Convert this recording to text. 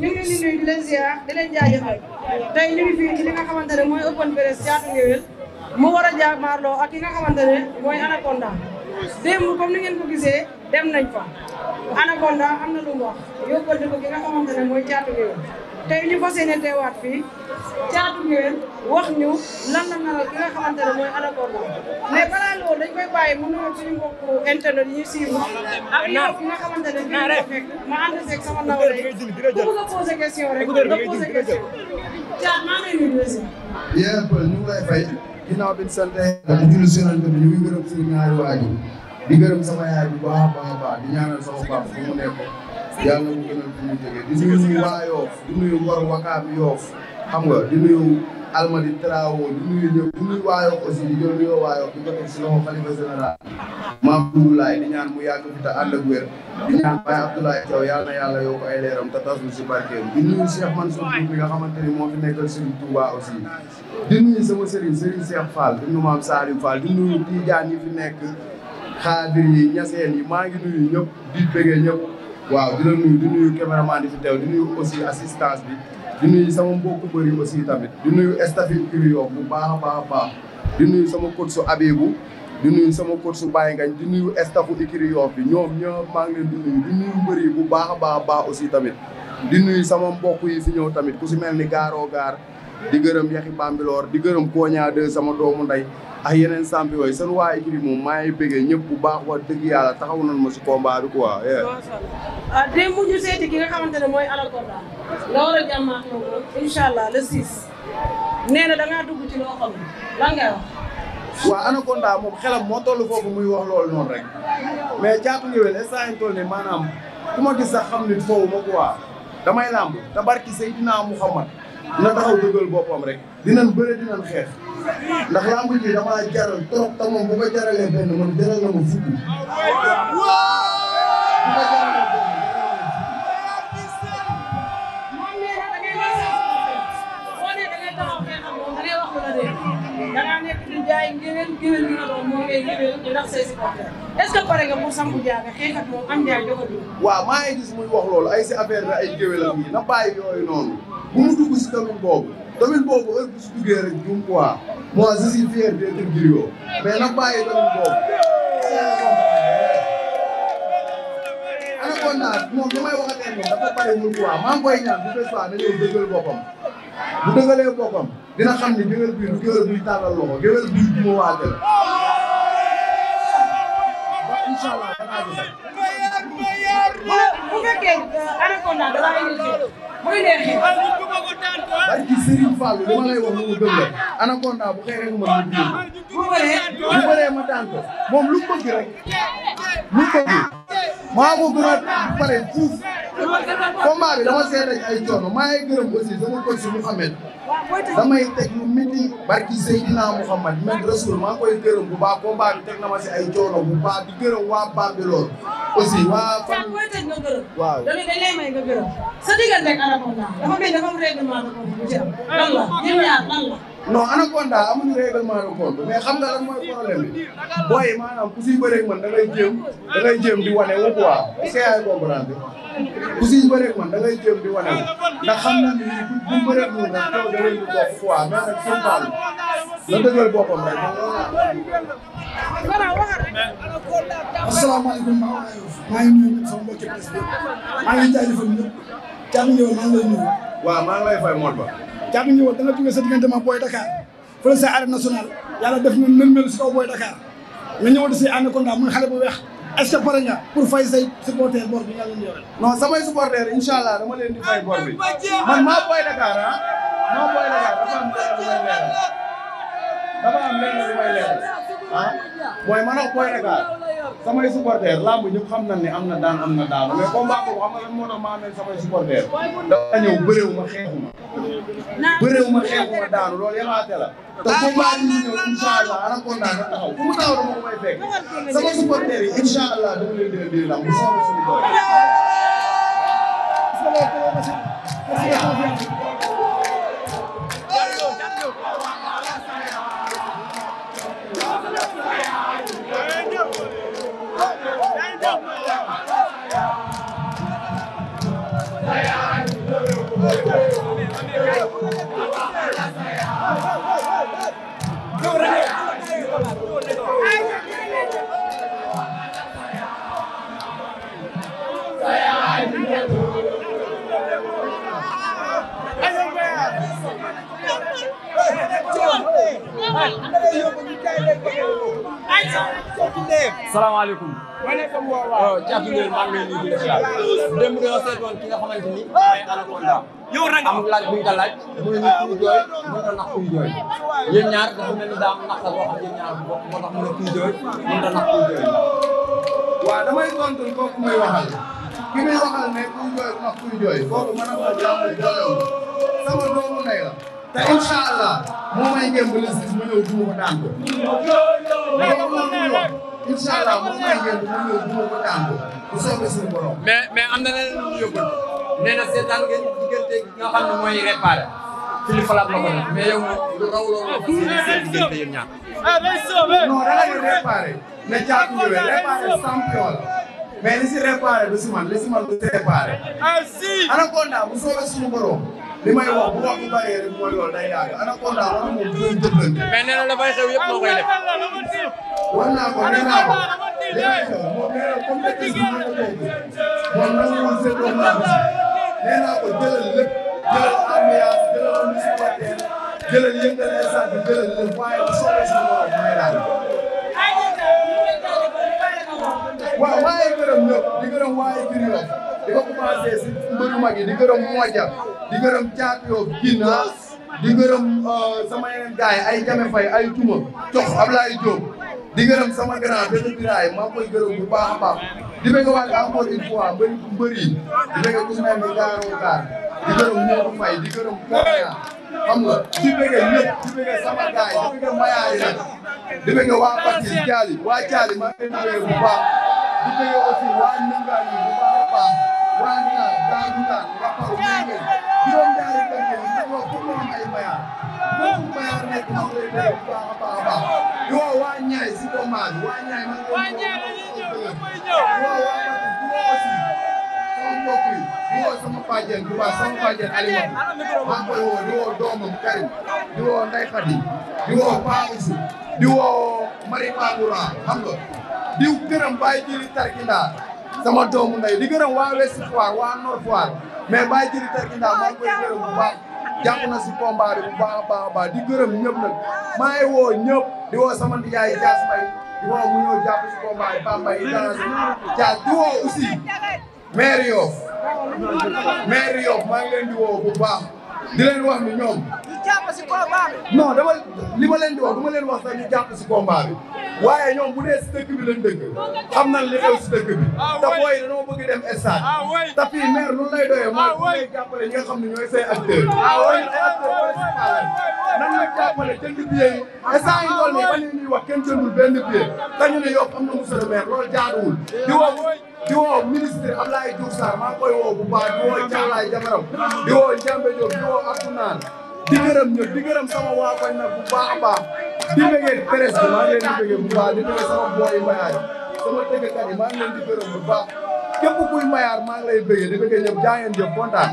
ñu ngi leen di nuyu di leen ziar di leen tey ñu ngi fii ci li nga xamante ne mooy open press Thiatou Nguéweul mu war a jàmmaarloo ak ki nga xamante ne mooy Anaconda démb comme ni ngeen ko gisee dem nañ fa Anaconda am na lu mu wax yóbbal na nga xamante mooy Thiatou Nguéweul tey ñu fas yéene teewaat fii caatu ngeen wax ñu lan la naral ki nga xamante ne mooy Anaconda mais balaa loolu dañ koy bàyyi mu nuyoog suñu mbokku internet yi ñuy suivre ak yow ki nga xamante ne bii ko fekk ma ànd seeg sama ndaw rek ku bëgg a posé question rek nga posé question caat maa ngi lay nuyu. bien ñu ngi lay fay ginnaaw bi ñu sant di julli si rajo bi ñu ngi gërëm suñu ñaari waajur di gërëm sama yaay bu baax a baax a baax di ñaanal sama papa bu mu nekkoon. yàlla mu gënal fi mu jógee di nuyu waa Yoof di nuyu Ngor Wakaam Yoof xam nga di nuyu Almadi Traoré di nuyu ñëpp di nuyu waa Yoof aussi di jël nuyoo waa Yoof si loxo xalifa di ñaan mu yàgg fi te ànd ak wér di ay leeram te tasul si barkeem di nuyu nga xamante ni moo fi nekkal Serigne Touba aussi di nuyu sama Serigne Serigne Cheikh Fall di nuyu maam Salim Fall di nuyu Tidiane yi fi nekk xaadir yi ñaseen yi maa ngi nuyu ñëpp di bëggee ñëpp waaw di la nuyu di nuyu cameraman di fi teew di nuyu aussi assistance bi di nuyu sama mbokku bëri aussi tamit di nuyu staff yi yoo bu baax a baax di nuyu sama coach su Abibou di nuyu sama coach su Baye Ngañ di nuyu staffu écurie Yoff bi ñoom ñëpp maa ngi leen di nuyu di nuyu mbër bu baax a baa a baax aussi tamit di nuyu sama mbokk yi fi ñëw tamit ku si mel ni gaaro gaar di gërëm yaxi bambiloor di gërëm Koña 2 sama doomu nday ak yeneen champion yi seen waa écurie moom maa ngi bëggee ñëpp bu baax wax dëgg yàlla taxaw nañ ma si combat bi quoi. ah démb ñu seeti ki nga xamante ne mooy Anaconda nga war a jàmmaat moom incha allah le 6. nee na da ngaa dugg ci loo xam lan ngay moom xelam moo toll foofu muy wax loolu noonu rek mais caatu ngéwél instant yi toll nii maanaam ku ma gis sax xam ni foofu ma quoi damay làmb te barki Seydina Muhammad na taxaw dëggal boppam rek dinañ bëre dinañ ndax lamb ji damaa jaral trop te moom bu ma jaralee benn man jaral na ma fukk. bu ma jaralee benn. jaay ngeen gëwël ñu doon moo ngay gëwël ndax say supporter est-ce que pare nga pour Sango Ndiaga xeex ak moom am jaay jox waaw maa ngi gis muy wax loolu ay si affaire bi ay gëwëlam yi na bàyyi yooyu noonu bu mu dugg si commune boobu domaine boobu heure bu su duggee rek ñun quoi moi je suis fier d'être griot mais nag bàyyi domaine boobu. Eh, Anaconda moom li may wax ak moom dafa bari ñun quoi maa ngi koy ñaan bu fekkee da ngay dëggal boppam. bu dëggalee boppam dina xam ne géwél bii du géwél buy tàllal loxo géwél bii du ma waajal. waaw incha allah danaa gis. bu fekkee anaconda dafa indi ji muy neexee. barki Serigne Fall li ma lay wax mu dëgg la anaconda bu xëy rek ma dugg bu bëree bu bëree ma daan ko maa ko gën a pare fuuf combat bi dama see daj ay coono maa ngi gërëm aussi sama coach Mouhamed damay teg lu miti barki Seydina Mouhamed man Rasoul maa ngi koy gërëm bu baax combat bi ma si ay coono bu baax di gërëm waa Bambilor aussi waa. fan booy tëj nga gërëm. waaw loolu dañ lay may nga gërëm. sa diggante ak Anaconda dafa non Anaconda amuñu règlement de compte mais xam nga lan mooy problème bi booy maanaam ku siy bëreeg man da ngay jéem da ngay jéem di wane wu quoi est-ce que yaay comprendre ku siy bëreeg man da ngay jéem di wane wu ndax xam na ni bu bu bëreeg ñun nag taw da ngay ñu bokk quoi mais nag suñu baal la dëggal boppam rek. asalaamaaleykum maa ngi nuyu sama mbokki presse bi maa ngi jaajëfal ñëpp jàmm yow maa ngi lay nuyu. waaw maa ngi lay fay Modou Ba. jaatu ñëwal da a jógee sa diggante ma booy Dakar fële sa arène nationale yàlla def na mën si kaw booy Dakar nga ñëwal si Anaconda muy xale bu weex est-ce que pare fay say supporter bor bi nga leen yore. samay supporter incha dama leen di fay bor bi man maa booy Dakar ah. maa booy Dakar dafa am lenn lu may leeral ah. booy man samay supporters làmb ñëpp xam nañ ne am na daan am na daan mais combat boobu xam nga lan moo tax maa mel samay supporters dafa ma xeexu ma bëréewu ma xeexu ma daanu loolu yalaate la te combat bi ñu ñëw incha allah anaconda nga taxaw fu mu taxaw dama ko may fekk sama supporters yi incha allah dama leen dina dina lam bu soobee suñu Hey, I'm gonna help you guys. salaamaaleykum. maaleykum waaw. Thiatou Ndoye maa ngi lay nuyu di la ki nga xamante ni. mooy Anaconda. yow rek am laaj bu ñu ko laaj. muy nit kuy jooy mën na nax jooy. yéen ñaar dafa mel ni daa am naxtal boo xam yéen ñaar moo tax mën na jooy mën na nax kuy jooy. waaw may waxal. ki muy waxal ne kuy jooy nax kuy jooy ko jàmm jooyam sama doomu ndey la. te incha allah moo may ngeen mu ñëw duma ko daan ñu wax incha allah moom laay yëngu moom la duma ko daan ko bu soobee suñu borom. mais mais am na leneen lu ñu yóbbu nee na seetaan ngeen diggante gi nga xam ne mooy réparé. Philippe Lac la ko def mais yow lu raw loolu ko seen diggante yéen ñaar. Ah, non da ngay réparé ne jaatu ñu réparé champion la mais li si réparé du si man li si man du si réparé. Ah, Anaconda bu soobee suñu borom. li may wax bu wax bu bëree rek mooy loolu day yàgg ana Kolda ana moom bu doon jëflante. mais nee na dafay xew yëpp moo koy def. war naa ko nee naa ko léegi xew moom nee na comme dëkk bi moo ko bokk moom na mu woon seetloo naa ko nee naa ko jëlal lépp jëlal ambiance jëlal am li si wattee jëlal yëngal instant bi jëlal lépp waaye bu soobee si moom may laal. waaw waaye gërëm ñëpp di gërëm waaye kii di ko commencé si mbëru mag yi di gërëm Moja di gërëm Thiat Yoff di gërëm euh, sama yeneen gars yi ay Jame Faye ay Touma Cox Ablaye Diop di gërëm sama grand benn biraay maa ngi koy gërëm bu baax a baax di bëgg waat encore une fois mbëri mbëri di bëgg ku mel ni Gaaroo di gërëm Modou Faye di gërëm Koya xam nga di bëgg ñëpp di bëgg waa Bati Thiali waa Thiali maa ngi leen di bëgg di bëgg aussi waa Nangar yi bu baax waa Ndina Daara Duda Mbacar Mbengue juróom-ñaari benn yi ñoo pour mu am ay mayaar foofu mayaar nekk ñu ngi lay bu baax a baax waa Niayes si combat bi di woo sama bàjjen bu baax sama bàjjen woo di woo doomam Karim di woo Ndeye Fadi di woo Paa Oussou di woo Marie Magoura xam nga diw këram bàyyi jëli tarkindaa sama doomu ndey di gërëm waa Ouest Foire waa Nord Foire mais bàyyi jëli tarkindaa maa ngi gërëm bu baax jàpp na si combat bi bu baax a a baax di gërëm ñëpp nag maa ngi woo ñëpp di woo sama ndiyaay Jaas Mbay di woo mu ñëw jàpp si combat bi Bamba yi Jaas Jaas di woo aussi maire Yoff maire Yoff maa ngi leen di woo bu baax di leen wax ni jàpp si combat bi. non dama li ma leen di wax du leen wax sax ñu jàpp si combat bi waaye ñoom bu dee si dëkk bi xam nañ li xew si dëkk bi. Ah, te booy yi dañoo bëgg ah, lu lay doyee mooy bu ah, ngay jàppale ñi nga xam ne ñooy say acteurs. waaw nan la jàppale jënd billet yi instant yi tool yi ba ñuy wax kenn jëndul benn billet dañu ne yow am na monsieur le maire loolu jaaduwul di woo di woo ministre Abdoulaye maa koy woo bu baax di woo Dialaye Jamaram di woo di gërëm ñëpp di gërëm sama waa koñ nag bu baax a baax di bëggee presse bi maa leen di bëggee bu baax di bëggee sama booy mayaar sama di gërëm bu baax képp kuy mayaar maa ngi lay bëggee di bëggee ñëpp jaa ngeen jëf kontaan